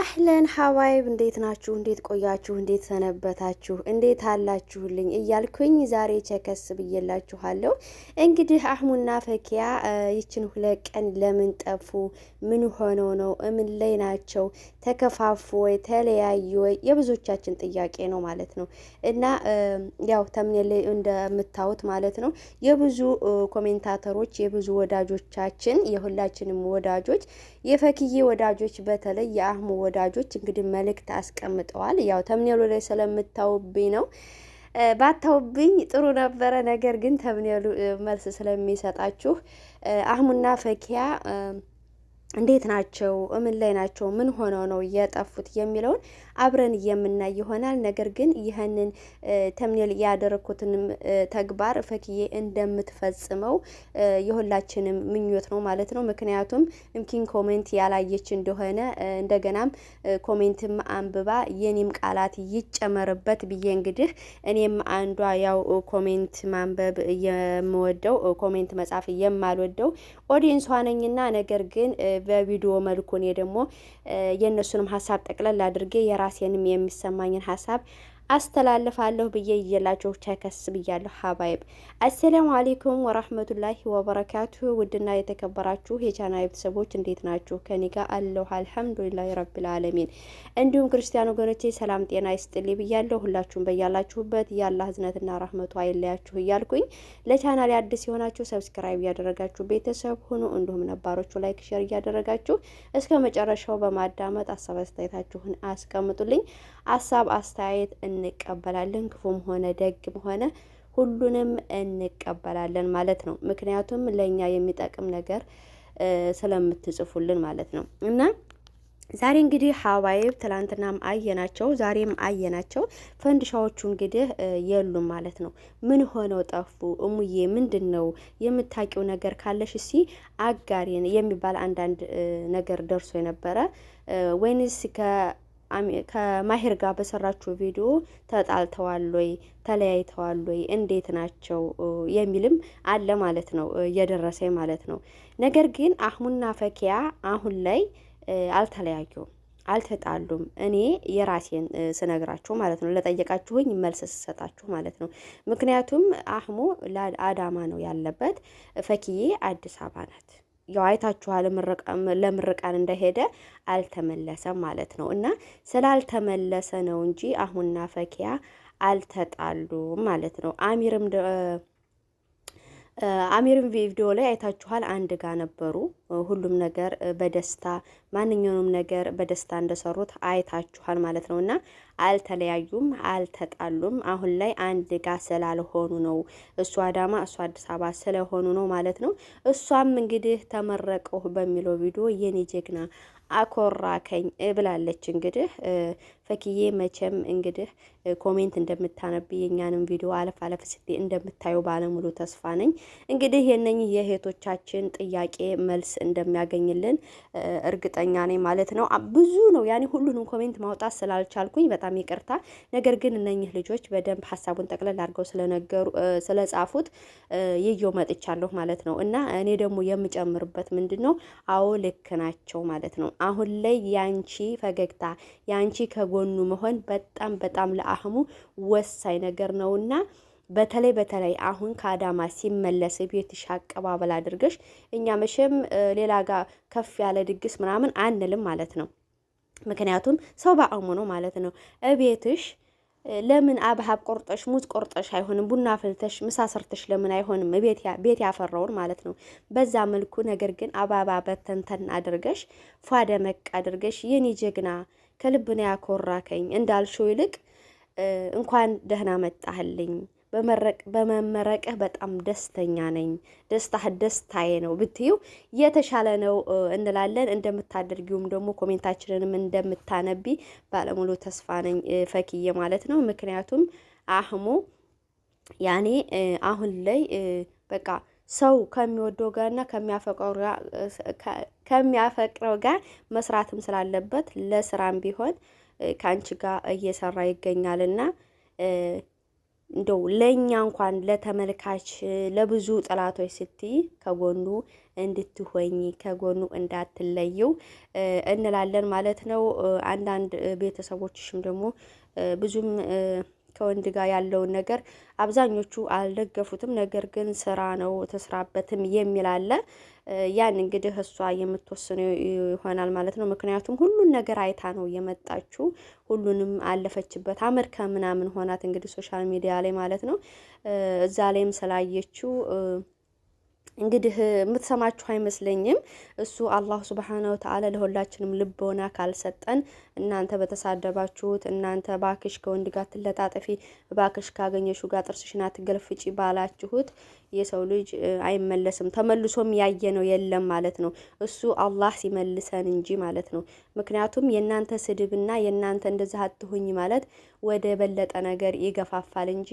አህለን ሀባይብ እንዴት ናችሁ? እንዴት ቆያችሁ? እንዴት ሰነበታችሁ? እንዴት አላችሁልኝ? እያልኩኝ ዛሬ ቸከስ ብዬላችኋለሁ። እንግዲህ አህሙና ፈኪያ ይችን ሁለት ቀን ለምን ጠፉ? ምን ሆነው ነው? እምን ላይ ናቸው? ተከፋፉ ወይ ተለያዩ ወይ? የብዙዎቻችን ጥያቄ ነው ማለት ነው። እና ያው ተምኔ ላይ እንደምታዩት ማለት ነው የብዙ ኮሜንታተሮች የብዙ ወዳጆቻችን የሁላችንም ወዳጆች የፈክዬ ወዳጆች በተለይ የአህሙ ወዳጆች እንግዲህ መልእክት አስቀምጠዋል። ያው ተምኔሉ ላይ ስለምታውብኝ ነው ባታውብኝ ጥሩ ነበረ። ነገር ግን ተምኔሉ መልስ ስለሚሰጣችሁ አህሙና ፈኪያ እንዴት ናቸው? እምን ላይ ናቸው? ምን ሆነው ነው የጠፉት የሚለውን አብረን የምናይ ይሆናል። ነገር ግን ይህንን ተምኔል ያደረግኩትን ተግባር ፈክዬ እንደምትፈጽመው የሁላችንም ምኞት ነው ማለት ነው። ምክንያቱም እምኪን ኮሜንት ያላየች እንደሆነ እንደገናም ኮሜንትም አንብባ የኔም ቃላት ይጨመርበት ብዬ እንግዲህ እኔም አንዷ ያው ኮሜንት ማንበብ የምወደው ኮሜንት መጻፍ የማልወደው ኦዲየንሷ ነኝና ነገር ግን በቪዲዮ መልኩ እኔ ደግሞ የእነሱንም ሀሳብ ጠቅለል አድርጌ የራሴንም የሚሰማኝን ሀሳብ አስተላልፋለሁ ብዬ እየላቸው ተከስ ብያለሁ። ሀባይብ አሰላሙ አሌይኩም ወራህመቱላሂ ወበረካቱሁ። ውድና የተከበራችሁ የቻና ቤተሰቦች እንዴት ናችሁ? ከኔ ጋር አለሁ አልሐምዱሊላህ ረብል አለሚን። እንዲሁም ክርስቲያን ወገኖቼ ሰላም ጤና ይስጥልኝ ብያለሁ። ሁላችሁም በያላችሁበት የአላህ ህዝነትና ራህመቱ አይለያችሁ እያልኩኝ ለቻናል አዲስ የሆናችሁ ሰብስክራይብ እያደረጋችሁ ቤተሰብ ሁኑ። እንዲሁም ነባሮቹ ላይክ፣ ሼር እያደረጋችሁ እስከ መጨረሻው በማዳመጥ አሳብ አስተያየታችሁን አስቀምጡልኝ። አሳብ አስተያየት እንቀበላለን። ክፉም ሆነ ደግም ሆነ ሁሉንም እንቀበላለን ማለት ነው። ምክንያቱም ለእኛ የሚጠቅም ነገር ስለምትጽፉልን ማለት ነው እና ዛሬ እንግዲህ ሀባይብ ትላንትናም አየናቸው፣ ዛሬም አየናቸው። ፈንድሻዎቹ እንግዲህ የሉም ማለት ነው። ምን ሆነው ጠፉ? እሙዬ ምንድን ነው የምታውቂው ነገር ካለሽ እሲ አጋሪን የሚባል አንዳንድ ነገር ደርሶ የነበረ ወይንስ ከማሄር ጋር በሰራችሁ ቪዲዮ ተጣልተዋል ወይ ተለያይተዋል ወይ እንዴት ናቸው የሚልም አለ ማለት ነው፣ እየደረሰ ማለት ነው። ነገር ግን አህሙና ፈኪያ አሁን ላይ አልተለያዩም፣ አልተጣሉም። እኔ የራሴን ስነግራችሁ ማለት ነው፣ ለጠየቃችሁኝ መልስ ስሰጣችሁ ማለት ነው። ምክንያቱም አህሙ አዳማ ነው ያለበት፣ ፈኪዬ አዲስ አበባ ናት። ያው አይታችኋል፣ ለምርቃን እንደሄደ አልተመለሰም ማለት ነው። እና ስላልተመለሰ ነው እንጂ አሁንና ፈኪያ አልተጣሉም ማለት ነው። አሚርም አሚርም ቪዲዮ ላይ አይታችኋል፣ አንድ ጋ ነበሩ። ሁሉም ነገር በደስታ ማንኛውንም ነገር በደስታ እንደሰሩት አይታችኋል ማለት ነው እና አልተለያዩም፣ አልተጣሉም። አሁን ላይ አንድ ጋ ስላልሆኑ ነው። እሱ አዳማ እሱ አዲስ አበባ ስለሆኑ ነው ማለት ነው። እሷም እንግዲህ ተመረቀሁ በሚለው ቪዲዮ የኔ ጀግና አኮራከኝ ብላለች። እንግዲህ ፈኪዬ መቼም እንግዲህ ኮሜንት እንደምታነብ የኛንም ቪዲዮ አለፍ አለፍ ስቴ እንደምታዩ ባለሙሉ ተስፋ ነኝ። እንግዲህ የነኝህ የእህቶቻችን ጥያቄ መልስ እንደሚያገኝልን እርግጠኛ ነኝ ማለት ነው። ብዙ ነው ያኔ ሁሉንም ኮሜንት ማውጣት ስላልቻልኩኝ በጣም በጣም ይቅርታ። ነገር ግን እነኚህ ልጆች በደንብ ሀሳቡን ጠቅለል አድርገው ስለነገሩ ስለጻፉት ይዤው መጥቻለሁ ማለት ነው። እና እኔ ደግሞ የምጨምርበት ምንድን ነው፣ አዎ ልክ ናቸው ማለት ነው። አሁን ላይ ያንቺ ፈገግታ፣ ያንቺ ከጎኑ መሆን በጣም በጣም ለአህሙ ወሳኝ ነገር እና በተለይ በተለይ አሁን ከአዳማ ሲመለስ ቤትሽ አቀባበል አድርገሽ እኛ መቼም ሌላ ጋር ከፍ ያለ ድግስ ምናምን አንልም ማለት ነው። ምክንያቱም ሰው በአእሙ ነው ማለት ነው። እቤትሽ ለምን አብሀብ ቆርጠሽ ሙዝ ቆርጠሽ አይሆንም? ቡና ፍልተሽ ምሳ ሰርተሽ ለምን አይሆንም? ቤት ያፈራውን ማለት ነው። በዛ መልኩ ነገር ግን አባባ በተንተን አድርገሽ ፏደመቅ አድርገሽ የኔ ጀግና ከልብ ነው ያኮራከኝ እንዳልሽው ይልቅ እንኳን ደህና መጣህልኝ በመመረቅህ በጣም ደስተኛ ነኝ፣ ደስታህ ደስታዬ ነው ብትዩ የተሻለ ነው እንላለን። እንደምታደርጊውም ደግሞ ኮሜንታችንንም እንደምታነቢ ባለሙሉ ተስፋ ነኝ ፈክዬ ማለት ነው። ምክንያቱም አህሙ ያኔ አሁን ላይ በቃ ሰው ከሚወደው ጋር እና ከሚያፈቅረው ጋር መስራትም ስላለበት ለስራም ቢሆን ከአንቺ ጋር እየሰራ ይገኛልና እንደው ለእኛ እንኳን ለተመልካች ለብዙ ጠላቶች ስትይ ከጎኑ እንድትሆኝ ከጎኑ እንዳትለየው እንላለን ማለት ነው። አንዳንድ ቤተሰቦችሽም ደግሞ ብዙም ከወንድ ጋር ያለውን ነገር አብዛኞቹ አልደገፉትም። ነገር ግን ስራ ነው ተስራበትም የሚል አለ። ያን እንግዲህ እሷ የምትወስነው ይሆናል ማለት ነው። ምክንያቱም ሁሉን ነገር አይታ ነው የመጣችው። ሁሉንም አለፈችበት። አሜሪካ ምናምን ሆናት እንግዲህ ሶሻል ሚዲያ ላይ ማለት ነው። እዛ ላይም ስላየችው እንግዲህ የምትሰማችሁ አይመስለኝም። እሱ አላህ ሱብሓነሁ ወተዓላ ለሁላችንም ልቦና ካልሰጠን እናንተ በተሳደባችሁት እናንተ ባክሽ ከወንድ ጋር ትለጣጠፊ ባክሽ ካገኘሹ ጋር ጥርስሽን አትገልፍጪ ባላችሁት የሰው ልጅ አይመለስም። ተመልሶም ያየ ነው የለም ማለት ነው። እሱ አላህ ሲመልሰን እንጂ ማለት ነው። ምክንያቱም የእናንተ ስድብና የእናንተ እንደዚህ አትሁኝ ማለት ወደ በለጠ ነገር ይገፋፋል እንጂ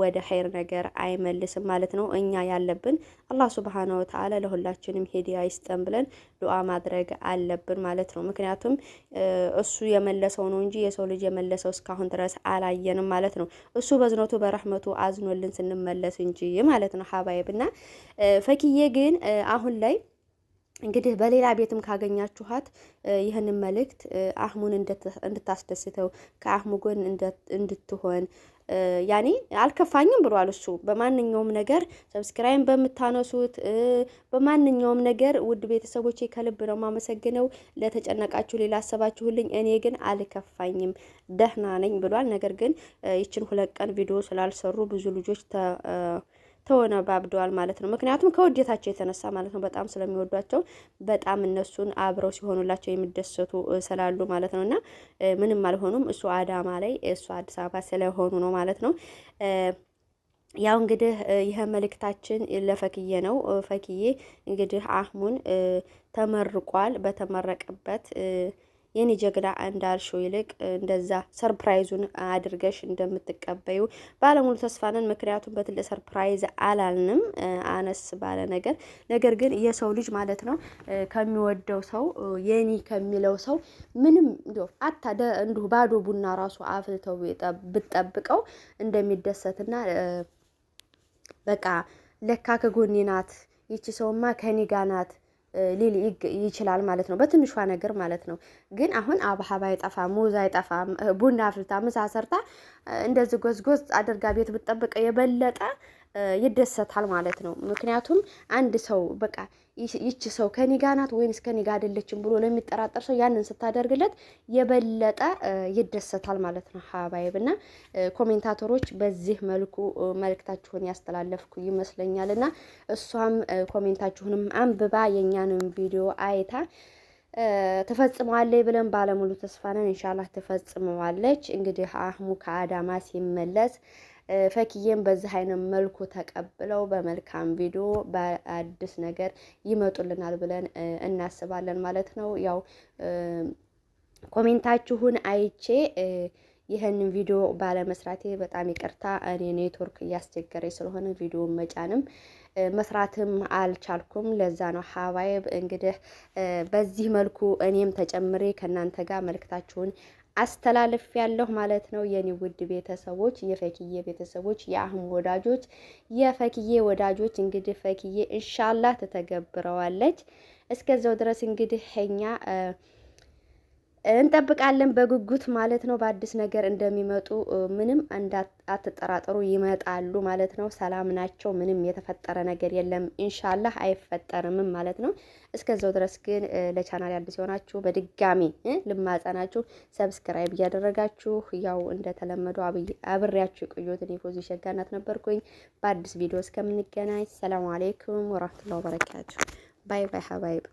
ወደ ኸይር ነገር አይመልስም ማለት ነው። እኛ ያለብን አላህ ሱብሓነ ወተዓላ ለሁላችንም ሄዲያ ይስጠን ብለን ዱዓ ማድረግ አለብን ማለት ነው። ምክንያቱም እሱ የመለሰው ነው እንጂ የሰው ልጅ የመለሰው እስካሁን ድረስ አላየንም ማለት ነው። እሱ በዝነቱ በረህመቱ አዝኖልን ስንመለስ እንጂ ማለት ነው። ሀባይብና ፈኪዬ ግን አሁን ላይ እንግዲህ በሌላ ቤትም ካገኛችኋት ይህንን መልእክት አህሙን እንድታስደስተው ከአህሙ ጎን እንድትሆን ያኔ አልከፋኝም ብሏል። እሱ በማንኛውም ነገር ሰብስክራይብ በምታነሱት በማንኛውም ነገር ውድ ቤተሰቦቼ ከልብ ነው ማመሰግነው። ለተጨነቃችሁ ሌላ አሰባችሁልኝ፣ እኔ ግን አልከፋኝም ደህና ነኝ ብሏል። ነገር ግን ይችን ሁለት ቀን ቪዲዮ ስላልሰሩ ብዙ ልጆች ተሆነ ባብደዋል ማለት ነው። ምክንያቱም ከውዴታቸው የተነሳ ማለት ነው። በጣም ስለሚወዷቸው በጣም እነሱን አብረው ሲሆኑላቸው የሚደሰቱ ስላሉ ማለት ነው። እና ምንም አልሆኑም። እሱ አዳማ ላይ እሱ አዲስ አበባ ስለሆኑ ነው ማለት ነው። ያው እንግዲህ ይህ መልእክታችን ለፈክዬ ነው። ፈክዬ እንግዲህ አህሙን ተመርቋል። በተመረቀበት የኔ ጀግና እንዳልሽው ይልቅ እንደዛ ሰርፕራይዙን አድርገሽ እንደምትቀበዩ ባለሙሉ ተስፋንን። ምክንያቱም በትልቅ ሰርፕራይዝ አላልንም አነስ ባለ ነገር። ነገር ግን የሰው ልጅ ማለት ነው ከሚወደው ሰው የኔ ከሚለው ሰው ምንም አታደ እንዲሁ ባዶ ቡና ራሱ አፍልተው ብጠብቀው እንደሚደሰትና በቃ ለካ ከጎኔ ናት ይቺ ሰውማ ከኔ ጋ ናት ሊል ይችላል ማለት ነው። በትንሿ ነገር ማለት ነው። ግን አሁን አብሀብ አይጠፋ፣ ሙዝ አይጠፋ፣ ቡና አፍልታ፣ ምሳ ሰርታ እንደዚህ ጎዝጎዝ አድርጋ ቤት ብትጠብቀ የበለጠ ይደሰታል ማለት ነው። ምክንያቱም አንድ ሰው በቃ ይቺ ሰው ከኔ ጋር ናት ወይንስ ከኔ ጋር አይደለችም ብሎ ለሚጠራጠር ሰው ያንን ስታደርግለት የበለጠ ይደሰታል ማለት ነው። ሀባይብ እና ኮሜንታተሮች በዚህ መልኩ መልእክታችሁን ያስተላለፍኩ ይመስለኛል እና እሷም ኮሜንታችሁንም አንብባ የእኛንም ቪዲዮ አይታ ትፈጽመዋለች ብለን ባለሙሉ ተስፋ ነን። ኢንሻላህ ትፈጽመዋለች። እንግዲህ አህሙ ከአዳማ ሲመለስ ፈኪዬም በዚህ አይነት መልኩ ተቀብለው በመልካም ቪዲዮ በአዲስ ነገር ይመጡልናል ብለን እናስባለን ማለት ነው። ያው ኮሜንታችሁን አይቼ ይህን ቪዲዮ ባለመስራቴ በጣም ይቅርታ። እኔ ኔትወርክ እያስቸገረኝ ስለሆነ ቪዲዮ መጫንም መስራትም አልቻልኩም። ለዛ ነው ሀባይብ እንግዲህ በዚህ መልኩ እኔም ተጨምሬ ከእናንተ ጋር መልክታችሁን አስተላልፍ ያለሁ ማለት ነው። የኔ ውድ ቤተሰቦች፣ የፈክዬ ቤተሰቦች፣ የአህሙ ወዳጆች፣ የፈክዬ ወዳጆች እንግዲህ ፈክዬ እንሻላ ትተገብረዋለች። እስከዛው ድረስ እንግዲህ እኛ እንጠብቃለን በጉጉት ማለት ነው። በአዲስ ነገር እንደሚመጡ ምንም አትጠራጠሩ፣ ይመጣሉ ማለት ነው። ሰላም ናቸው። ምንም የተፈጠረ ነገር የለም። ኢንሻላህ አይፈጠርምም ማለት ነው። እስከዛው ድረስ ግን ለቻናል አዲስ የሆናችሁ በድጋሚ ልማጸናችሁ ሰብስክራይብ እያደረጋችሁ ያው እንደተለመዱ አብሬያችሁ የቆየሁት እኔ ፎዚ ሸጋናት ነበርኩኝ። በአዲስ ቪዲዮ እስከምንገናኝ ሰላም አሌይኩም ወራህመቱላሂ ወበረካቱ። ባይ ባይ ሀባይብ